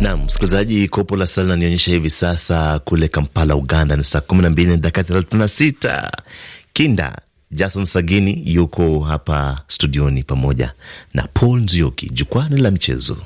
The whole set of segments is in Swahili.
Naam, msikilizaji, kopo la sala nanionyesha hivi sasa kule Kampala, Uganda ni saa kumi na mbili na dakika thelathini na sita. Kinda Jason Sagini yuko hapa studioni pamoja na Paul Nzioki, jukwani la michezo.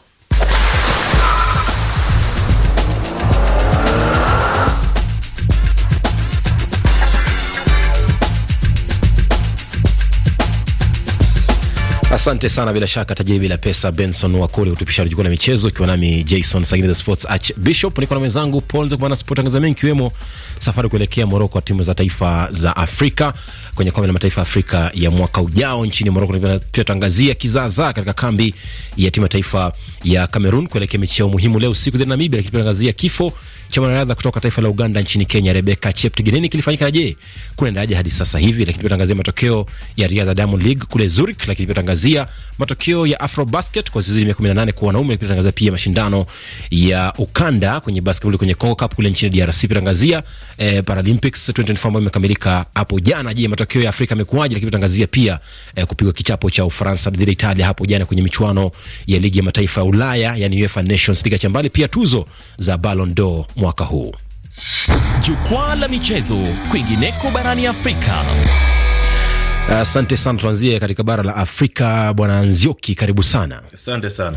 Asante sana, bila shaka tajiri bila pesa Benson Wakoli hutupisha jukwaa la michezo, ikiwa nami Jason Sagini the Sports Archbishop, niko na mwenzangu Paul Zokumana Sport Tanzania, ikiwemo safari kuelekea Moroko wa timu za taifa za Afrika kwenye kombe la mataifa ya Afrika ya mwaka ujao nchini Moroko. Pia tutaangazia kizaazaa katika kambi ya timu ya taifa ya Cameroon kuelekea mechi yao muhimu leo usiku dhidi ya Namibia, lakini pia tutaangazia kifo cha wanariadha kutoka taifa la Uganda nchini Kenya, Rebeka Cheptegei. Nini kilifanyika je? Kunaendaje hadi sasa hivi? Lakini pia tangazia matokeo ya riadha Diamond League kule Zurich, lakini pia tangazia matokeo ya Afrobasket kwa zizi nane kwa wanaume, lakini tangazia pia mashindano ya ukanda kwenye basketball kwenye Congo Cup kule nchini DRC, pia tangazia eh, Paralympics 2024 ambayo imekamilika hapo jana. Je, matokeo ya Afrika yamekuaje? Lakini pia tangazia pia eh, kupigwa kichapo cha Ufaransa dhidi ya Italia hapo jana kwenye michuano ya ligi ya mataifa ya Ulaya, yani UEFA Nations League, chambali pia tuzo za Ballon d'Or mwaka huu. Jukwaa la michezo kwingineko barani Afrika. Asante uh, sana. Tuanzie katika bara la Afrika. Bwana Nzioki, karibu sana. Asante sana.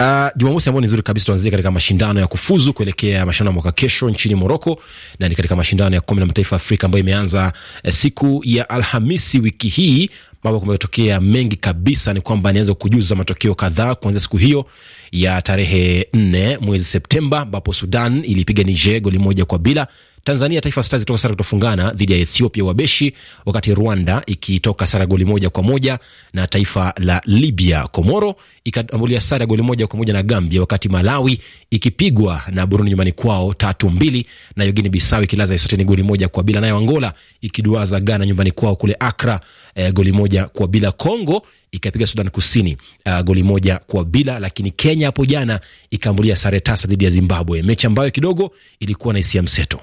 Uh, Jumamosi ambao ni nzuri kabisa, tuanzie katika mashindano ya kufuzu kuelekea mashindano ya mwaka kesho nchini Moroko, na ni katika mashindano ya kombe la mataifa Afrika ambayo imeanza eh, siku ya Alhamisi wiki hii, mambo kumetokea mengi kabisa. Ni kwamba nianze kujuza matokeo kadhaa kuanzia siku hiyo ya tarehe nne mwezi Septemba, ambapo Sudan ilipiga Niger goli moja kwa bila Tanzania Taifa Stars itoka sare kutofungana dhidi ya Ethiopia Wabeshi, wakati Rwanda ikitoka sare goli moja kwa moja na taifa la Libya. Komoro ikaambulia sare goli moja kwa moja na Gambia, wakati Malawi ikipigwa na Burundi nyumbani kwao tatu mbili, na Guinea Bisawi ikilaza Eswatini goli moja kwa bila, nayo Angola ikiduaza Ghana nyumbani kwao kule Akra eh, goli moja kwa bila. Kongo ikapiga Sudan Kusini uh, goli moja kwa bila, lakini Kenya hapo jana ikaambulia sare tasa dhidi ya Zimbabwe, mechi ambayo kidogo ilikuwa na hisia mseto.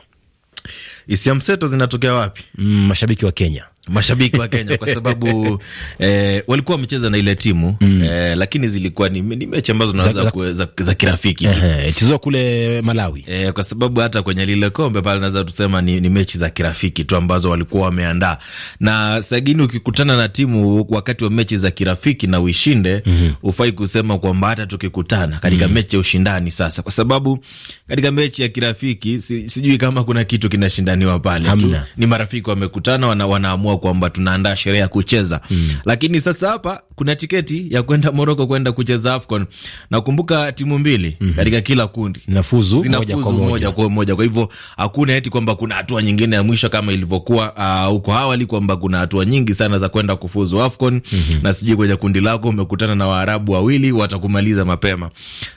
Hisia mseto zinatokea wapi? Mm, mashabiki wa Kenya mashabiki wa Kenya kwa sababu eh, walikuwa wamecheza na ile timu mm. eh, lakini zilikuwa ni, ni mechi ambazo naweza za, za, za kirafiki tu chezwa kule Malawi eh, kwa sababu hata kwenye lile kombe pale naweza tusema ni, ni mechi za kirafiki tu ambazo walikuwa wameandaa, na sagini, ukikutana na timu wakati wa mechi za kirafiki na uishinde mm -hmm. ufai kusema kwamba hata tukikutana katika mm -hmm. mechi ya ushindani sasa, kwa sababu katika mechi ya kirafiki si, sijui kama kuna kitu kinashindaniwa pale tu, ni marafiki wamekutana wana, wanaamua kwamba tunaandaa sherehe ya kucheza mm. Lakini sasa hapa kuna tiketi ya kwenda Moroko kwenda kucheza AFCON. Nakumbuka timu mbili mm -hmm. katika kila kundi zinafuzu moja kwa moja kwa moja, kwa hivyo hakuna eti kwamba kuna hatua nyingine ya mwisho kama ilivyokuwa uh, huko uh, awali kwamba kuna hatua nyingi sana za kwenda kufuzu AFCON mm -hmm. na sijui kwenye kundi lako umekutana na Waarabu wawili watakumaliza mapema.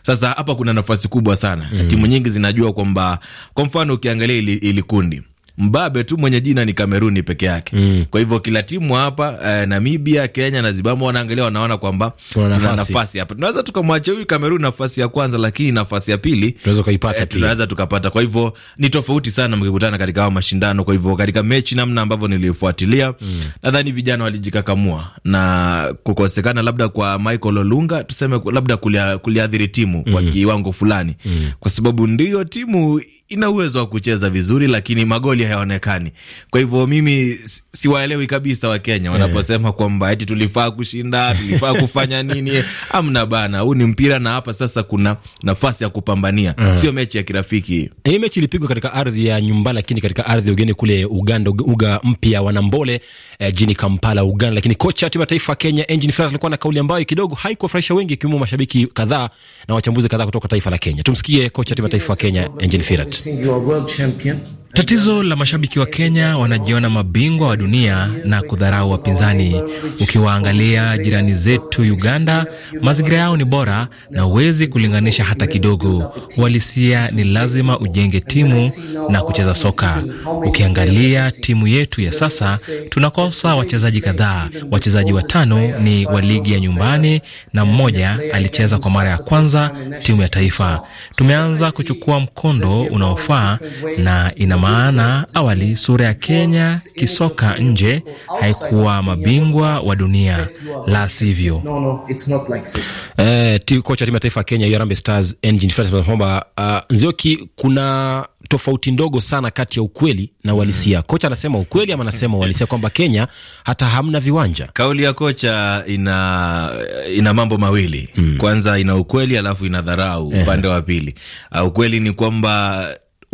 Sasa hapa kuna nafasi kubwa sana mm -hmm. timu nyingi zinajua kwamba, kwa mfano ukiangalia ili, ili kundi mbabe tu mwenye jina ni Kameruni peke yake mm. Kwa hivyo kila timu hapa eh, Namibia, Kenya na Zimbabwe wanaangalia wanaona kwamba tuna nafasi hapa, tunaweza tukamwachia huyu Kameruni nafasi ya kwanza, lakini nafasi ya pili tunaweza kuipata eh, tunaweza tukapata. Kwa hivyo ni tofauti sana mkikutana katika hao mashindano. Kwa hivyo katika mechi, namna ambavyo nilifuatilia, mm. nadhani vijana walijikakamua na kukosekana labda kwa Michael Olunga, tuseme labda kuliathiri kulia timu mm. kwa kiwango fulani mm. kwa sababu ndiyo timu ina uwezo wa kucheza vizuri, lakini magoli hayaonekani. Kwa hivyo mimi siwaelewi kabisa Wakenya eh. wanaposema kwamba eti tulifaa kushinda, tulifaa kufanya nini. Amna bana, huu ni mpira, na hapa sasa kuna nafasi ya kupambania mm. Sio mechi ya kirafiki. Hii eh, mechi ilipigwa katika ardhi ya nyumbani, lakini katika ardhi ya ugeni kule Uganda, uga mpya wa Nambole eh, jini Kampala, Uganda. Lakini kocha wa timu ya taifa Kenya Engin Firat alikuwa na kauli ambayo kidogo haikuwafurahisha wengi, ikiwemo mashabiki kadhaa na wachambuzi kadhaa kutoka taifa la Kenya. Tumsikie kocha wa timu ya taifa wa Kenya Engin Firat. I think you are world champion Tatizo la mashabiki wa Kenya wanajiona mabingwa wa dunia na kudharau wapinzani. Ukiwaangalia jirani zetu Uganda, mazingira yao ni bora na huwezi kulinganisha hata kidogo. Uhalisia ni lazima ujenge timu na kucheza soka. Ukiangalia timu yetu ya sasa, tunakosa wachezaji kadhaa. Wachezaji watano ni wa ligi ya nyumbani na mmoja alicheza kwa mara ya kwanza timu ya taifa. Tumeanza kuchukua mkondo unaofaa na ina maana awali sura ya Kenya kisoka nje haikuwa mabingwa wa dunia, la sivyo. eh, kocha timu ya taifa ya Kenya Harambee Stars kwamba uh, Nzioki, kuna tofauti ndogo sana kati ya ukweli na uhalisia mm. Kocha anasema ukweli ama anasema uhalisia kwamba Kenya hata hamna viwanja. Kauli ya kocha ina ina mambo mawili mm. Kwanza ina ukweli alafu ina dharau eh. upande wa pili. Uh, ukweli ni kwamba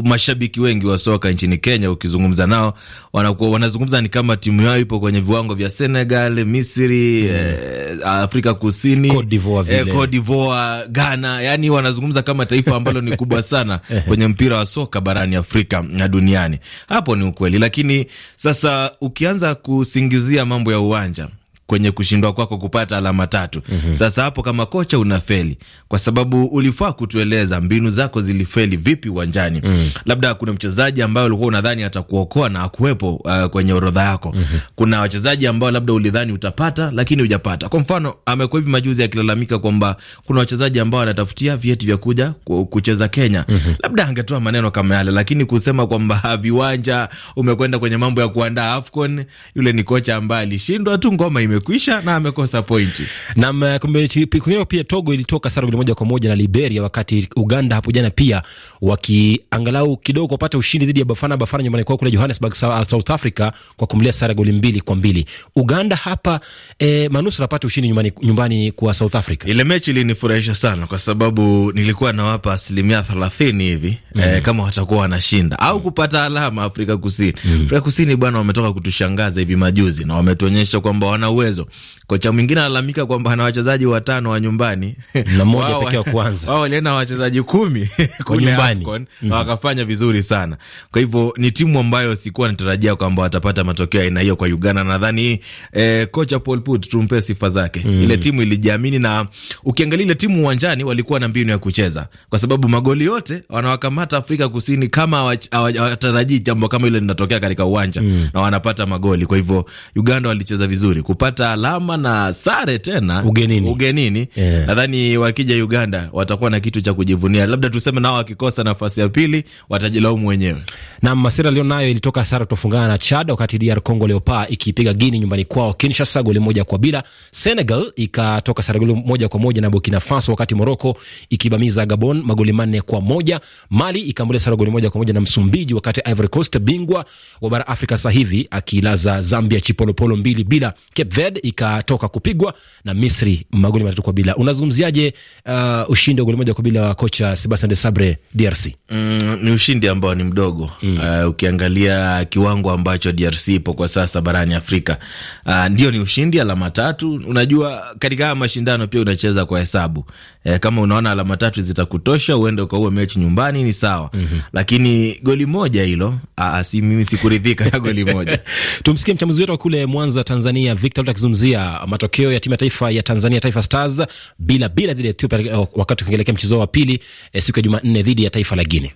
mashabiki wengi wa soka nchini Kenya, ukizungumza nao wanakuwa wanazungumza ni kama timu yao ipo kwenye viwango vya Senegal, Misri, mm. eh, Afrika Kusini, Cote d'Ivoire, eh, Ghana, yani wanazungumza kama taifa ambalo ni kubwa sana kwenye mpira wa soka barani Afrika na duniani. Hapo ni ukweli, lakini sasa ukianza kusingizia mambo ya uwanja kwenye kushindwa kwako kupata alama tatu. mm -hmm. Sasa hapo kama kocha unafeli kwa sababu ulifaa kutueleza mbinu zako zilifeli vipi uwanjani. mm -hmm. Labda kuna mchezaji ambaye ulikuwa unadhani atakuokoa na akuwepo uh, kwenye orodha yako. mm -hmm. Kuna wachezaji ambao labda ulidhani utapata lakini hujapata. Kwa mfano, amekuwa hivi majuzi akilalamika kwamba kuna wachezaji ambao anatafutia vyeti vya kuja kucheza Kenya. mm -hmm. Labda angetoa maneno kama yale, lakini kusema kwamba viwanja umekwenda kwenye mambo ya kuandaa AFCON, yule ni kocha ambaye alishindwa tu, ngoma ime amekwisha na amekosa pointi. Na uh, kwingine pia Togo ilitoka sare moja kwa moja na Liberia, wakati Uganda hapo jana pia wakiangalau kidogo kupata ushindi dhidi ya Bafana Bafana nyumbani kwao kule Johannesburg, uh, South Africa kwa kumlia sare goli mbili kwa mbili. Uganda hapa e, manusura apate ushindi nyumbani, nyumbani kwa South Africa. Ile mechi ilinifurahisha sana kwa sababu nilikuwa nawapa asilimia thelathini hivi mm -hmm. E, kama watakuwa wanashinda au mhm. kupata alama Afrika Kusini. Mm -hmm. Afrika Kusini bwana, wametoka kutushangaza hivi majuzi na wametuonyesha kwamba wana uwezo uwezo. Kocha mwingine analalamika kwamba ana wachezaji watano wa nyumbani na mmoja pekee wa kwanza. Wao walienda wachezaji kumi kule nyumbani mm -hmm. na wakafanya vizuri sana. Kwa hivyo ni timu ambayo sikuwa natarajia kwamba watapata matokeo aina hiyo kwa Uganda. Nadhani eh, kocha Paul Put tumpe sifa zake. Mm -hmm. Ile timu ilijiamini, na ukiangalia ile timu uwanjani walikuwa na mbinu ya kucheza, kwa sababu magoli yote wanawakamata Afrika Kusini kama hawatarajii jambo kama ile linatokea katika uwanja mm -hmm. na wanapata magoli. Kwa hivyo Uganda walicheza vizuri kupata kupata alama na sare tena ugenini, ugenini. Yeah. Nadhani wakija Uganda watakuwa na kitu cha kujivunia, labda tuseme nao wakikosa nafasi ya pili watajilaumu wenyewe. Nam Masira leo nayo ilitoka sare tofungana na Chad, wakati DR Congo leopa ikipiga Guini nyumbani kwao Kinshasa goli moja kwa bila. Senegal ikatoka sare goli moja kwa moja na Burkina Faso, wakati Morocco ikibamiza Gabon magoli manne kwa moja. Mali ikaambulia sare goli moja kwa moja na Msumbiji, wakati Ivory Coast bingwa wa bara Afrika sasa hivi akilaza Zambia chipolopolo mbili bila Cape Trinidad ikatoka kupigwa na Misri magoli matatu kwa bila. Unazungumziaje uh, ushindi wa goli moja kwa bila wa kocha Sebastian de Sabre DRC? Mm, ni ushindi ambao ni mdogo mm. Uh, ukiangalia kiwango ambacho DRC ipo kwa sasa barani Afrika uh, ndio ni ushindi, alama tatu. Unajua, katika haya mashindano pia unacheza kwa hesabu e, kama unaona alama tatu zitakutosha uende ukaua mechi nyumbani ni sawa mm -hmm. Lakini goli moja hilo, uh, si mimi sikuridhika na goli moja. Tumsikie mchambuzi wetu wa kule Mwanza, Tanzania, Victor akizungumzia matokeo ya timu ya taifa ya Tanzania, Taifa Stars bila bila dhidi ya Ethiopia eh, wakati ukiengelekea mchezo wa pili e, siku ya Jumanne dhidi ya taifa la Gine.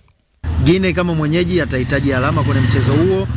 Gine kama mwenyeji atahitaji alama kwenye mchezo huo.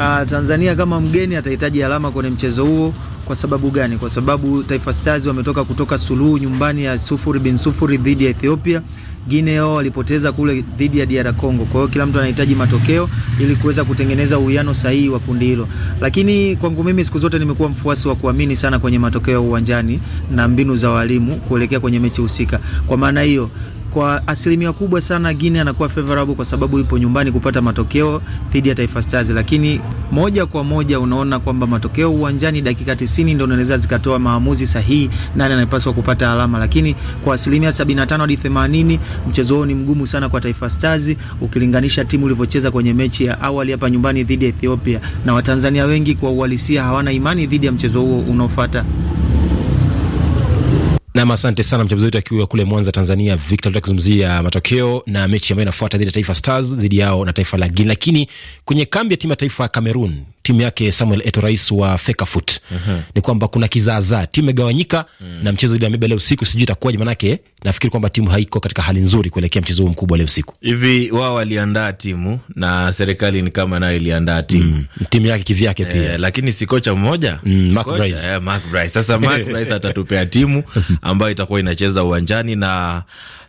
Aa, ah, Tanzania kama mgeni atahitaji alama kwenye mchezo huo. Kwa sababu gani? Kwa sababu Taifa Stars wametoka kutoka suluhu nyumbani ya sufuri bin sufuri dhidi ya Ethiopia Gineo walipoteza kule dhidi ya DR Congo. Kwa hiyo kila mtu anahitaji matokeo ili kuweza kutengeneza uwiano sahihi wa kundi hilo, lakini kwangu mimi siku zote nimekuwa mfuasi wa kuamini sana kwenye matokeo uwanjani na mbinu za walimu kuelekea kwenye mechi husika. Kwa maana hiyo kwa asilimia kubwa sana Guinea anakuwa favorable kwa sababu ipo nyumbani kupata matokeo dhidi ya Taifa Stars, lakini moja kwa moja unaona kwamba matokeo uwanjani dakika 90 ndio unaweza zikatoa maamuzi sahihi nani anapaswa kupata alama, lakini kwa asilimia 75 hadi 80 mchezo huo ni mgumu sana kwa Taifa Stars ukilinganisha timu ilivyocheza kwenye mechi ya awali hapa nyumbani dhidi ya Ethiopia, na Watanzania wengi kwa uhalisia hawana imani dhidi ya mchezo huo unaofuata. Nam, asante sana mchambuzi wetu akiwa kule Mwanza, Tanzania, Victor. Tutakizungumzia matokeo na mechi ambayo inafuata dhidi ya Taifa Stars dhidi yao na taifa la Guini. Lakini kwenye kambi ya timu ya taifa ya Cameroon timu yake Samuel Eto, rais wa Fecafoot mm -hmm. ni kwamba kuna kizaazaa, timu imegawanyika mm. -hmm. na mchezo dhidi ya Ameba leo usiku, sijui itakuwaje, manake nafikiri kwamba timu haiko katika hali nzuri kuelekea mchezo huu mkubwa leo usiku. Hivi wao waliandaa timu na serikali ni kama nayo iliandaa timu mm. timu yake kivyake eh, pia eh, lakini si kocha mmoja mm, Mark Bryce eh, Mark Bryce. Sasa Mark Bryce atatupea timu ambayo itakuwa inacheza uwanjani na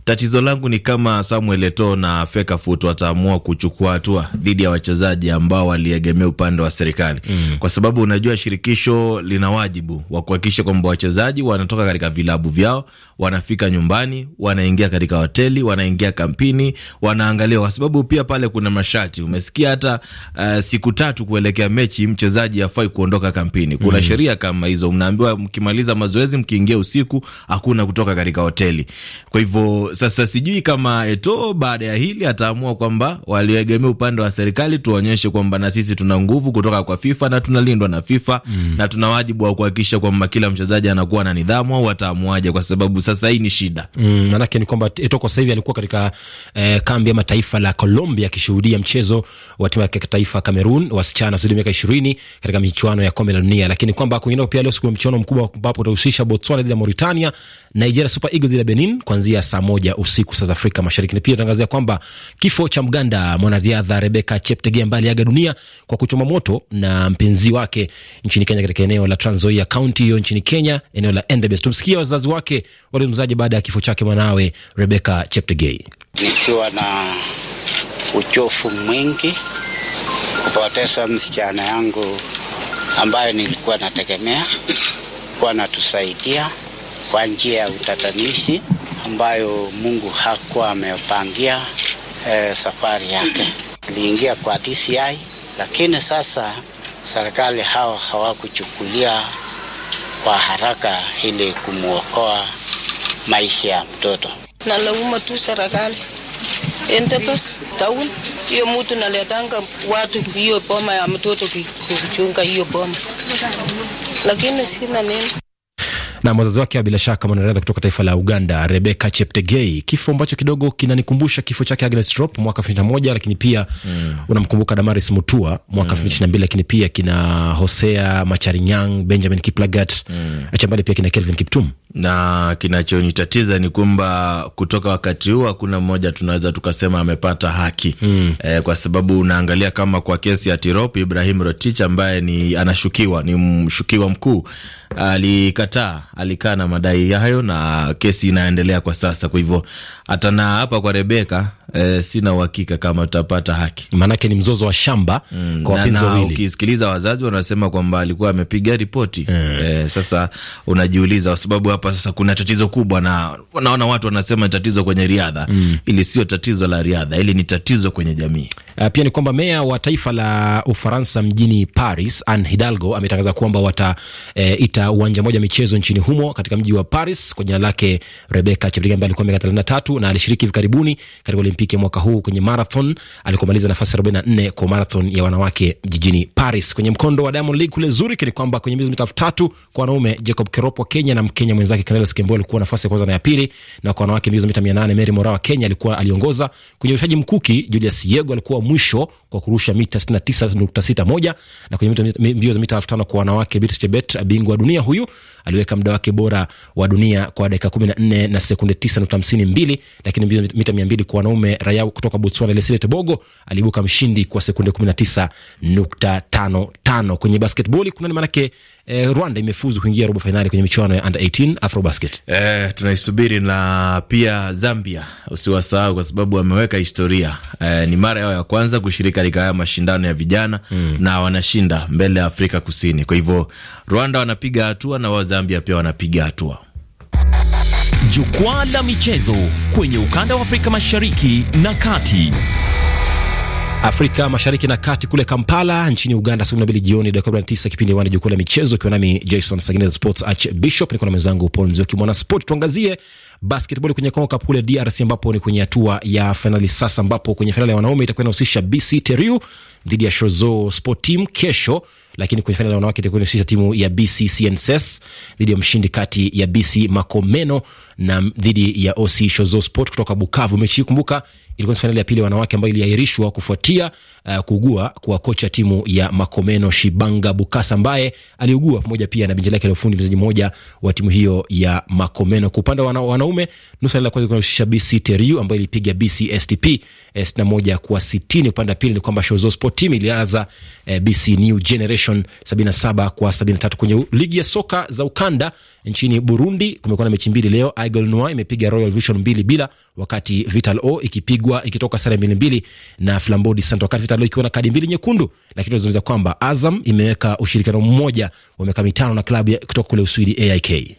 Tatizo langu ni kama Samuel Eto na Fecafoot wataamua kuchukua hatua dhidi ya wachezaji ambao waliegemea upande wa serikali mm. kwa sababu unajua shirikisho lina wajibu wa kuhakikisha kwamba wachezaji wanatoka katika vilabu vyao, wanafika nyumbani, wanaingia katika hoteli, wanaingia kampini, wanaangaliwa, kwa sababu pia pale kuna masharti. Umesikia hata uh, siku tatu kuelekea mechi mchezaji hafai kuondoka kampini. Kuna mm. sheria kama hizo, mnaambiwa mkimaliza mazoezi, mkiingia usiku, hakuna kutoka katika hoteli. Kwa hivyo sasa sijui kama eto baada ya hili ataamua kwamba walioegemea upande wa serikali tuonyeshe kwamba na sisi tuna nguvu kutoka kwa FIFA na tunalindwa na FIFA mm, na tuna wajibu wa kuhakikisha kwamba kila mchezaji anakuwa na nidhamu, au ataamuaje? Kwa sababu sasa hii ni shida mm, maanake ni kwamba eto kwa sasa hivi alikuwa katika eh, kambi ama taifa la Colombia akishuhudia mchezo wa timu ya taifa Cameroon wasichana wasiozidi miaka ishirini katika michuano ya kombe la dunia, lakini kwamba kwingineo pia leo siku ya mchuano mkubwa ambapo utahusisha Botswana dhidi ya Mauritania, Nigeria Super Eagles dhidi ya Benin kuanzia saa moja moja usiku saa za Afrika Mashariki. Ni pia tangazia kwamba kifo cha Mganda mwanariadha Rebeka Cheptegei ambaye aliaga dunia kwa kuchoma moto na mpenzi wake nchini Kenya, katika eneo la Trans Nzoia, kaunti hiyo nchini Kenya, eneo la Endebess. Tumsikia wazazi wake walizungumzaje baada ya kifo chake mwanawe Rebeka Cheptegei. Nikiwa na uchofu mwingi kupoteza msichana yangu ambayo nilikuwa nategemea kuwa natusaidia kwa njia ya utatanishi ambayo Mungu hakuwa amepangia eh, safari yake. Aliingia kwa DCI, lakini sasa serikali hawa hawakuchukulia kwa haraka ili kumwokoa maisha ya mtoto. Nalauma tu serikali Entebes taun hiyo mtu naletanga watu hiyo boma ya mtoto kuchunga hiyo boma, lakini sina nini na mwazazi wake bila shaka mwanariadha kutoka taifa la Uganda Rebecca Cheptegei, kifo ambacho kidogo kinanikumbusha kifo chake Agnes Tirop mwaka 2001, lakini pia mm. unamkumbuka Damaris Mutua mwaka 2022 mm. lakini pia kina Hosea Macharinyang, Benjamin Kiplagat mm. achambali pia kina Kelvin Kiptum, na kinachonitatiza ni kwamba kutoka wakati huu hakuna mmoja tunaweza tukasema amepata haki mm. E, kwa sababu unaangalia kama kwa kesi ya Tirop, Ibrahim Rotich ambaye ni anashukiwa ni mshukiwa mkuu alikataa, alikaa na madai hayo, na kesi inaendelea kwa sasa. Kwa hivyo hata na hapa kwa Rebeka eh, sina uhakika kama tutapata haki, maanake ni mzozo wa shamba mm, kwa wapenzi wawili. Ukisikiliza wazazi wanasema kwamba alikuwa amepiga ripoti mm. Eh, sasa unajiuliza kwa sababu hapa sasa kuna tatizo kubwa, na naona watu wanasema tatizo kwenye riadha mm. Ili sio tatizo la riadha, ili ni tatizo kwenye jamii. Uh, pia ni kwamba meya wa taifa la Ufaransa mjini Paris Anne Hidalgo ametangaza kwamba wataita eh, e, uwanja mmoja michezo nchini humo katika mji wa Paris kwa jina lake Rebecca Cheptegei ambaye alikuwa miaka 33 na alishiriki hivi karibuni katika Olimpiki Olimpiki mwaka huu kwenye marathon alikomaliza nafasi 44 kwa marathon ya wanawake jijini Paris. Kwenye mkondo wa Diamond League kule Zurich ni kwamba kwenye mita elfu tatu kwa wanaume Jacob Kerop wa Kenya na Mkenya mwenzake Cornelius Kemboi alikuwa nafasi ya kwanza na ya pili, na kwa wanawake mita 800 Mary Moraa wa Kenya alikuwa aliongoza. Kwenye urushaji mkuki Julius Yego alikuwa mwisho kwa kurusha mita 69.61 na kwenye mbio za mita 5000 kwa wanawake Beatrice Chebet, bingwa wa dunia huyu, aliweka muda wake bora wa dunia kwa dakika 14 na sekunde 9.52, lakini mbio mita 200 kwa wanaume raia kutoka Botswana Leslie Tebogo aliibuka mshindi kwa sekunde 19.55. Kwenye basketball kuna maanake eh, Rwanda imefuzu kuingia robo fainali kwenye michuano ya under 18 Afrobasket. Eh, tunaisubiri na pia Zambia usiwasahau, kwa sababu wameweka historia eh, ni mara yao ya kwanza kushiriki katika haya mashindano ya vijana mm, na wanashinda mbele ya Afrika Kusini. Kwa hivyo Rwanda wanapiga hatua na wao Zambia pia wanapiga hatua. Jukwaa la michezo kwenye ukanda wa Afrika Mashariki na Kati. Afrika Mashariki na Kati, kule Kampala nchini Uganda, saa 12 jioni dakika 9, kipindi wani jukwaa la michezo, ikiwa nami Jason Sagineza Sports Archbishop, niko na mwenzangu Paul Nzioki mwana sport. Tuangazie basketball kwenye Kongo Cup kule DRC, ambapo ni kwenye hatua ya fainali sasa, ambapo kwenye fainali ya wanaume itakuwa inahusisha BC Teru dhidi ya Shozo Sport Team kesho, lakini kwenye fainali ya wanawake itakuwa inahusisha timu ya BC CNSS dhidi ya mshindi kati ya BC Makomeno na dhidi ya OC Shozo Sport kutoka Bukavu. Mechi hii kumbuka ilikuwa ni fainali ya pili ya wanawake ambayo iliahirishwa kufuatia uh, kuugua kwa kocha timu ya Makomeno Shibanga Bukasa ambaye aliugua pamoja pia na binti lake la ufundi mchezaji mmoja wa timu hiyo ya Makomeno. Kwa upande wa wana, wanaume, nusu fainali ya kwanza kunahusisha BC Teru ambayo ilipiga BC STP eh, sitini moja kwa sitini. Upande wa pili ni kwamba Shozo Sport Team ilianza eh, BC New Generation sabini na saba kwa sabini na tatu. Kwenye ligi ya soka za ukanda nchini Burundi kumekuwa na mechi mbili leo. Aigle Noir imepiga Royal Vision mbili bila, wakati Vital O ikipigwa ilipigwa ikitoka sare mbili mbili na Flambeau du Centre, wakati Vitalo ikiwa na kadi mbili nyekundu, lakini tunazungumza kwamba Azam imeweka ushirikiano mmoja wa miaka mitano na klabu kutoka kule Uswidi AIK.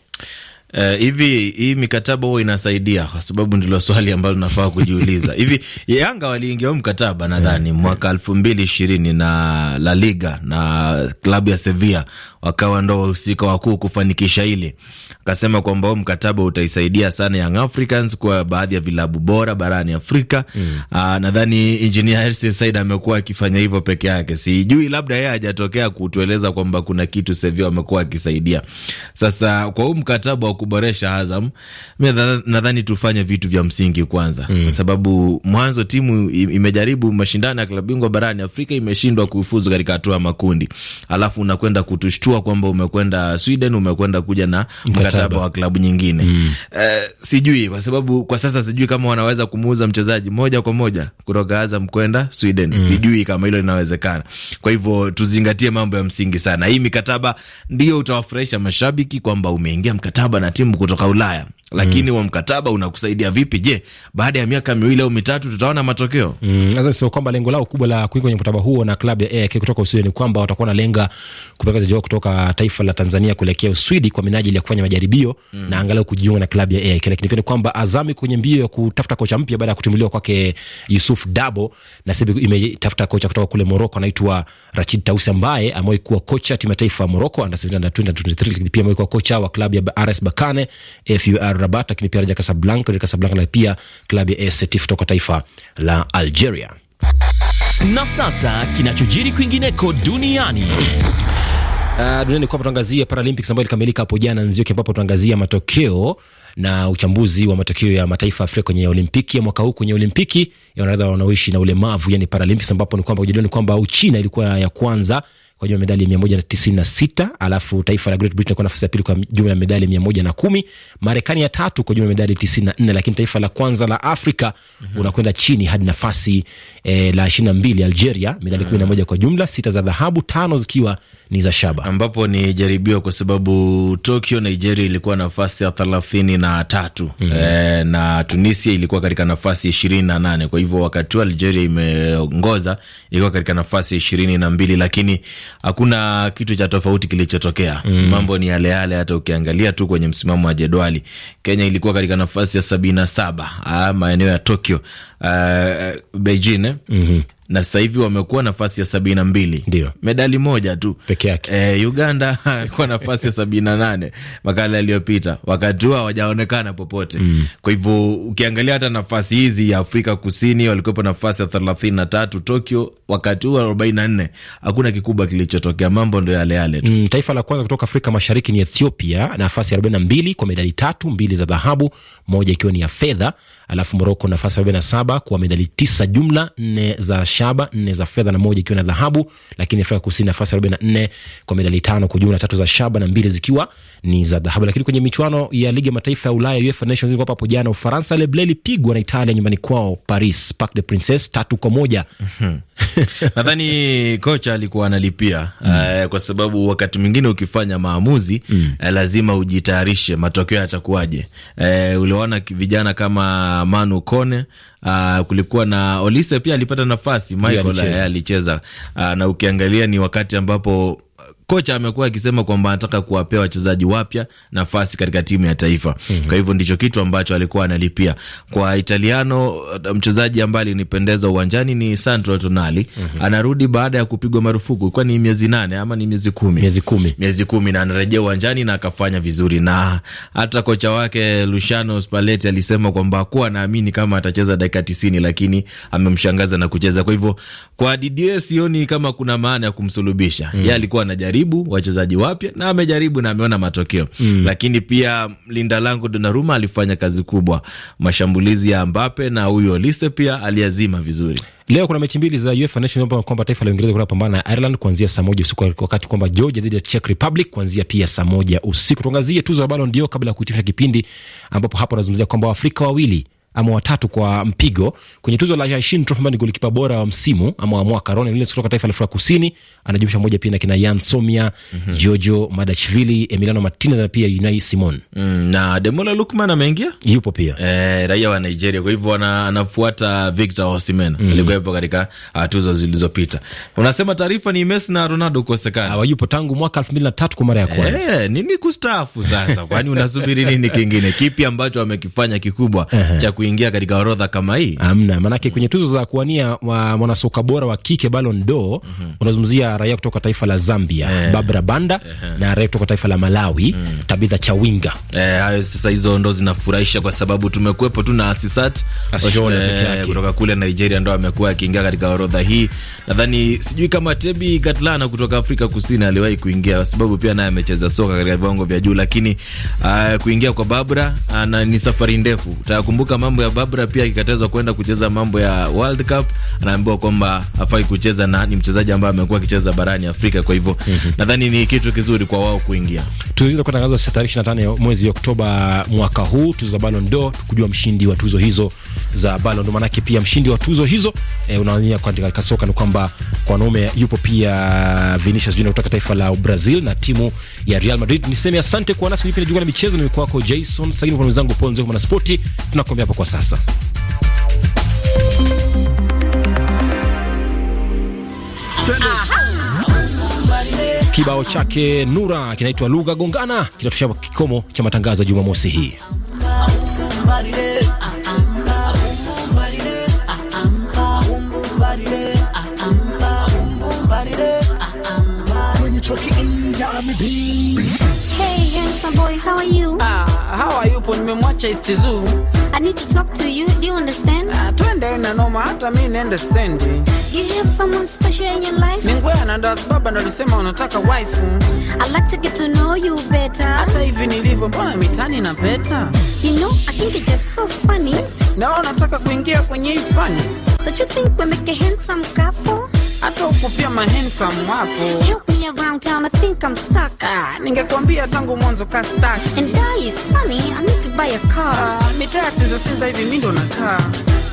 Uh, eh, hivi hii mikataba huo inasaidia? Kwa sababu ndilo swali ambalo nafaa kujiuliza. Hivi Yanga waliingia mkataba nadhani mwaka eh. elfu mbili ishirini na La Liga na klabu ya Sevilla wakawa ndo wahusika wakuu kufanikisha hili. Akasema kwamba huu mkataba utaisaidia sana Young Africans kwa baadhi ya vilabu bora barani Afrika. Mm. Aa, ah, nadhani engineer Hersi Said amekuwa akifanya hivyo peke yake, sijui labda yeye hajatokea kutueleza kwamba kuna kitu Sevio amekuwa akisaidia. Sasa kwa huu mkataba wa kuboresha Azam, mimi nadhani tufanye vitu vya msingi kwanza, Mm. kwa sababu mwanzo timu imejaribu mashindano ya klabu bingwa barani Afrika imeshindwa kufuzu katika hatua makundi, alafu unakwenda kutushtu kufichua kwamba umekwenda Sweden, umekwenda kuja na mkataba wa klabu nyingine mm. Eh, sijui kwa sababu kwa sasa sijui kama wanaweza kumuuza mchezaji moja kwa moja kutoka Azam kwenda Sweden mm. Sijui kama hilo linawezekana. Kwa hivyo tuzingatie mambo ya msingi sana. Hii mikataba ndio utawafurahisha mashabiki kwamba umeingia mkataba na timu kutoka Ulaya lakini mm. wa mkataba unakusaidia vipi? Je, baada ya miaka miwili au mitatu tutaona matokeo? Mm, sasa sio kwamba lengo lao kubwa la kuingia kwenye mkataba huo na klabu ya AEK kutoka Uswidi ni kwamba watakuwa wanalenga kupeleka wachezaji kutoka taifa la Tanzania kuelekea Uswidi kwa minajili ya kufanya majaribio mm. na angalau kujiunga na klabu ya AEK, lakini pia ni kwamba Azam kwenye mbio ya kutafuta kocha mpya baada ya kutimuliwa kwake Yusuf Dabo, na sasa imetafuta kocha kutoka kule Moroko, anaitwa Rachid Tausi ambaye amewahi kuwa kocha timu ya taifa ya Moroko under 17 under 23, lakini pia amewahi kuwa kocha wa klabu ya RS Bakane FUR Rabat lakini pia Raja Casablanca Raja Casablanca na pia klabu ya AS Setif kutoka taifa la Algeria. Na sasa kinachojiri kwingineko duniani Uh, duniani kwamba tuangazia Paralympics ambayo ilikamilika hapo jana Nzioki, ambapo tuangazia matokeo na uchambuzi wa matokeo ya mataifa Afrika kwenye olimpiki ya mwaka huu, kwenye olimpiki ya wanariadha wanaoishi na ulemavu, yani Paralympics, ambapo ni kwamba kujadiliwa ni kwamba Uchina ilikuwa ya kwanza kwa jumla medali mia moja na tisini na sita alafu taifa la Great Britain kwa nafasi ya pili kwa jumla ya medali mia moja na kumi Marekani ya tatu kwa jumla medali tisini na nne lakini taifa la kwanza la Afrika mm -hmm. unakwenda chini hadi nafasi eh, la ishirini na mbili Algeria medali kumi na moja kwa jumla, sita za dhahabu, tano zikiwa ni za shaba, ambapo ni jaribio kwa sababu Tokyo Nigeria ilikuwa nafasi ya thelathini na tatu mm -hmm. e, na Tunisia ilikuwa katika nafasi ishirini na nane kwa hivyo wakati hu Algeria imeongoza ilikuwa katika nafasi ya ishirini na mbili lakini hakuna kitu cha tofauti kilichotokea. mm -hmm. Mambo ni yale yale, hata ukiangalia tu kwenye msimamo wa jedwali. Kenya ilikuwa katika nafasi ya sabini na saba ah, maeneo ya Tokyo, uh, Beijing mm -hmm na sasa hivi wamekuwa nafasi ya sabini na mbili, ndio medali moja tu peke yake. E, Uganda kwa nafasi ya sabini na nane makala yaliyopita, wakati huo hawajaonekana popote mm. Kwa hivyo ukiangalia hata nafasi hizi ya Afrika Kusini walikuwepo nafasi ya thelathini na tatu Tokyo, wakati huo arobaini na nne. Hakuna kikubwa kilichotokea, mambo ndo yale yale tu mm. Taifa la kwanza kutoka Afrika Mashariki ni Ethiopia, nafasi ya arobaini na mbili kwa medali tatu, mbili za dhahabu, moja ikiwa ni ya fedha alafu Moroko nafasi ya arobaini na saba kwa medali tisa jumla, nne za shaba, nne za fedha na moja ikiwa na dhahabu. Lakini Afrika Kusini nafasi ya arobaini na nne kwa medali tano kwa jumla, tatu za shaba na mbili zikiwa ni za dhahabu. Lakini kwenye michuano ya ligi ya mataifa ya Ulaya, UEFA Nations League, hapo jana Ufaransa Leblé ilipigwa na Italia nyumbani kwao Paris Parc des Princes tatu kwa moja. Mhm. Nadhani kocha alikuwa analipia mm. Uh, kwa sababu wakati mwingine ukifanya maamuzi mm. uh, lazima ujitayarishe matokeo yatakuwaje. Uh, uliwaona vijana kama Manu Kone Uh, kulikuwa na Olise pia alipata nafasi Michael alicheza, alicheza. Uh, na ukiangalia ni wakati ambapo kocha amekuwa akisema kwamba anataka kuwapea wachezaji wapya nafasi katika timu ya taifa. mm -hmm. Kwa hivyo ndicho kitu ambacho alikuwa analipia kwa Italiano. Mchezaji ambaye alinipendeza uwanjani ni Sandro Tonali. mm -hmm. Anarudi baada ya kupigwa marufuku, ilikuwa ni miezi nane ama ni miezi kumi, miezi kumi, miezi kumi, na anarejea uwanjani na akafanya vizuri, na hata kocha wake Luciano Spalletti alisema kwamba hakuwa anaamini kama atacheza dakika tisini, lakini amemshangaza na kucheza. Kwa hivyo kwa Didier sioni kama kuna maana ya kumsulubisha. mm -hmm. Yeye alikuwa anajaribu amejaribu wachezaji wapya na amejaribu na ameona matokeo mm. Lakini pia linda langu Donnarumma alifanya kazi kubwa, mashambulizi ya Mbappe na huyo Olise pia aliazima vizuri. Leo kuna mechi mbili za UEFA Nations League kwamba taifa la Uingereza kunapambana na Ireland kuanzia saa moja usiku, wakati kwamba Georgia dhidi ya Czech Republic kuanzia pia saa moja usiku. Tuangazie tuzo ya Ballon d'Or kabla ya kuhitimisha kipindi, ambapo hapo anazungumzia kwamba Waafrika wawili ama watatu kwa mpigo kwenye tuzo la Yashin Trophy ambayo ni golikipa bora wa msimu ama wa mwaka. Ronald Lens kutoka taifa la Afrika Kusini anajumlisha moja pia na kina Yan Somia, mm -hmm. Jojo Madachvili, Emiliano Martinez na pia Unai Simon. Mm, na Demola Lukman ameingia? Yupo pia. e, raia wa Nigeria kwa hivyo anafuata Victor Osimhen. Mm -hmm. Alikuwepo katika uh, tuzo zilizopita. Unasema taarifa ni Messi na Ronaldo kukosekana. Uh, ah, yupo tangu mwaka elfu mbili na tatu kwa mara ya kwanza. e, nini kustaafu sasa? Kwani unasubiri nini kingine? Kipi ambacho amekifanya kikubwa uh -huh. cha kuingia katika orodha kama hii? Hamna, maanake kwenye tuzo za kuwania mwanasoka bora wa kike Ballon d'Or mm -hmm. unazungumzia raia kutoka taifa la Zambia eh, Barbara Banda eh, na raia kutoka taifa la Malawi mm. Tabitha Chawinga eh, hayo sasa, hizo ndo zinafurahisha kwa sababu tumekuwepo tu na Asisat eh, kutoka kule Nigeria ndo amekuwa akiingia katika orodha hii. Nadhani sijui kama Tebi Gatlana kutoka Afrika Kusini aliwahi kuingia kwa sababu pia naye amecheza soka katika viwango vya juu, lakini uh, kuingia kwa Barbara uh, ni safari ndefu. Utakumbuka mambo ya Babra pia akikatazwa kwenda kucheza mambo ya World Cup, anaambiwa kwamba hafai kucheza na ni mchezaji ambaye amekuwa akicheza barani Afrika. Kwa hivyo mhm. nadhani ni kitu kizuri kwa wao kuingia. Tuzo kwa kutangazwa tarehe 25 mwezi Oktoba mwaka huu, tuzo za Ballon d'Or, kujua mshindi wa tuzo hizo za Ballon d'Or, maanake pia mshindi wa tuzo hizo eh, unaania katika soka ni kwamba kwa wanaume yupo pia Vinicius Junior kutoka taifa la Brazil na timu ya Real Madrid. Niseme asante kwa nasi kwenye jukwaa la michezo, nimekuwa kwako Jason Sagini, kwa mwenzangu Paul Nzeko, mwanaspoti tunakomea hapo kwa sasa. Kibao chake Nura kinaitwa lugha gongana kinatosha kikomo cha matangazo ya Jumamosi hii. Hey, handsome boy, how are you? Ah, how are you? Po nimemwacha East Zoo. I need to talk to you. Do you understand? Ah, twende na noma hata mimi ni understand. you have someone special in your life? Ningwana ndo sababu ndo alisema unataka wife. I like to get to know you better. Hata hivi nilivyo mbona mitani na peta? You know, I think it's just so funny. Naona nataka kuingia kwenye hii funny. Don't you think we make a handsome guy? alafu pia mahandsome wapo. Ah, ningekwambia tangu mwanzo ka stuck. And I ah, mitaa sinza sinza hivi mimi ndo nakaa.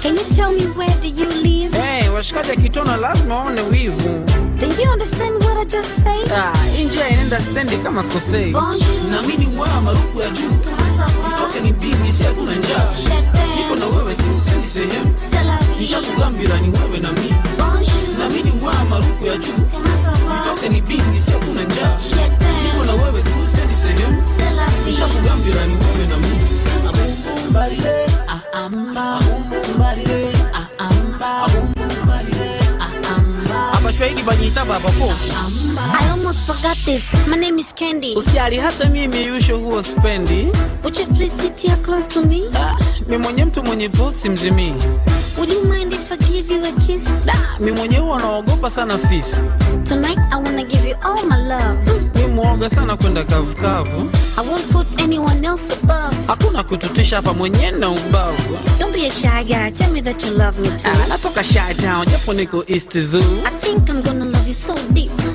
Can you tell me where do you live? Hey, eh, washikaji akitona lazima waone wivu. Do you understand what I just said? Ah, inji I understand kama sikosei. Bonjour. Na mimi wa maruku ya juu. Wote ni bibi, si hatuna njaa. Niko na wewe tu, sendi sehemu. Nishakuambia ni wewe na mimi ni wa maruku ya juu nitoke ni bingi sio kuna njaa niko na wewe tu seni sehemu nishakugambira ni wewe na mimi abumbumbariye aamba abumbumbariye aamba I almost forgot this. My name is Candy. Usiali hata mimi yusho huo spendi. Would you please sit here close to me? Ah, mimi mwenye mtu mwenye bosi mzimi. Would you mind if I give you a kiss? Da, mimi mwenyewe naogopa sana fisi. Tonight I wanna give you all my love. Mi mwoga sana kwenda kavu kavu. I won't put anyone else above. Hakuna kututisha hapa mwenye na ubavu. Don't be a shy guy, tell me that you love me too. Ah, natoka shy town, japo niko East Zoo. I think I'm gonna love you so deep.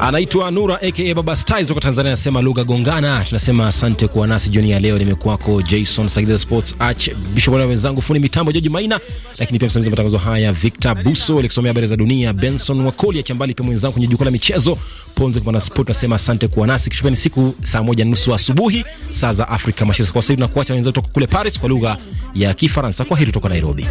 anaitwa Nura aka Baba Styles kutoka Tanzania, anasema lugha gongana. Tunasema asante kuwa nasi jioni ya leo. Nimekuwako Jason Sagida Sports Arch Bishop na wenzangu, fundi mitambo George Maina, lakini pia msimamizi matangazo haya Victor Buso, alikusomea habari za dunia Benson Wakoli, achambali pia mwenzangu kwenye jukwaa la michezo Ponze kwa Sport. Tunasema asante kuwa nasi, kisha ni siku saa moja nusu asubuhi saa za Afrika Mashariki. Kwa sasa tunakuacha wenzetu kutoka kule Paris kwa lugha ya Kifaransa. Kwa heri kutoka Nairobi.